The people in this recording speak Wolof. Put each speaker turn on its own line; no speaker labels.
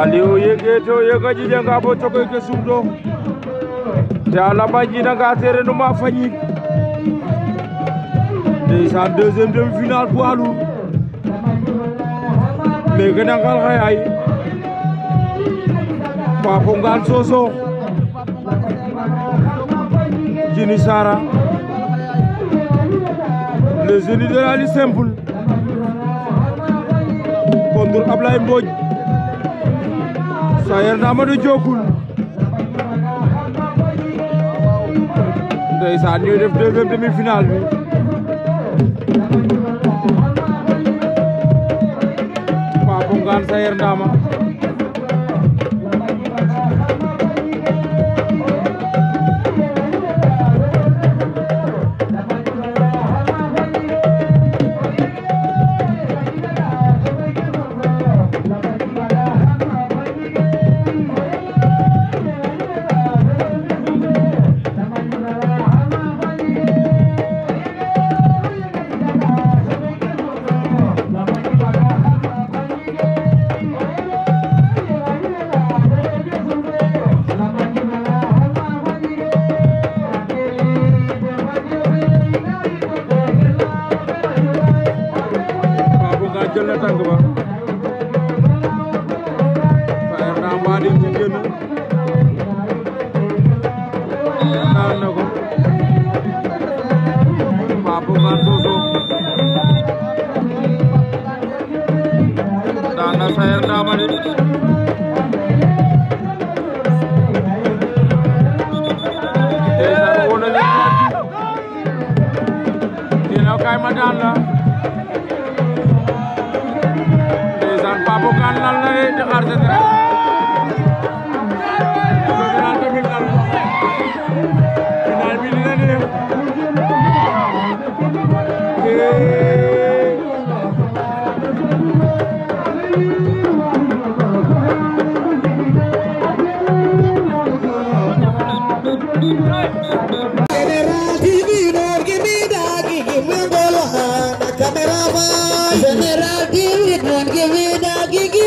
Aliou yegeto yegaji janga bo toko ke sudo te alama jina ga sere no ma fañi déjà deuxième demi-finale poids lourd mais gëna ngal xay ay
Papo Ngane Sossox
Djily Sara le génie de la pour Ablaye Mbodj Sayer na Amadou Diokul ndeysaan ñuy def deuxième demi-finale bi Papo Ngane Sayer Ndama jël na tànk ba Fayar naa mbaa di ci génn naan na ko Pape Oumar Dodo daan na Fayar naa ma di dina kaay ma daan la ndeysaan Papo Kane lal na de Dakar Général Général tamit lal final bi dina neex General TV, don't give me Nagiging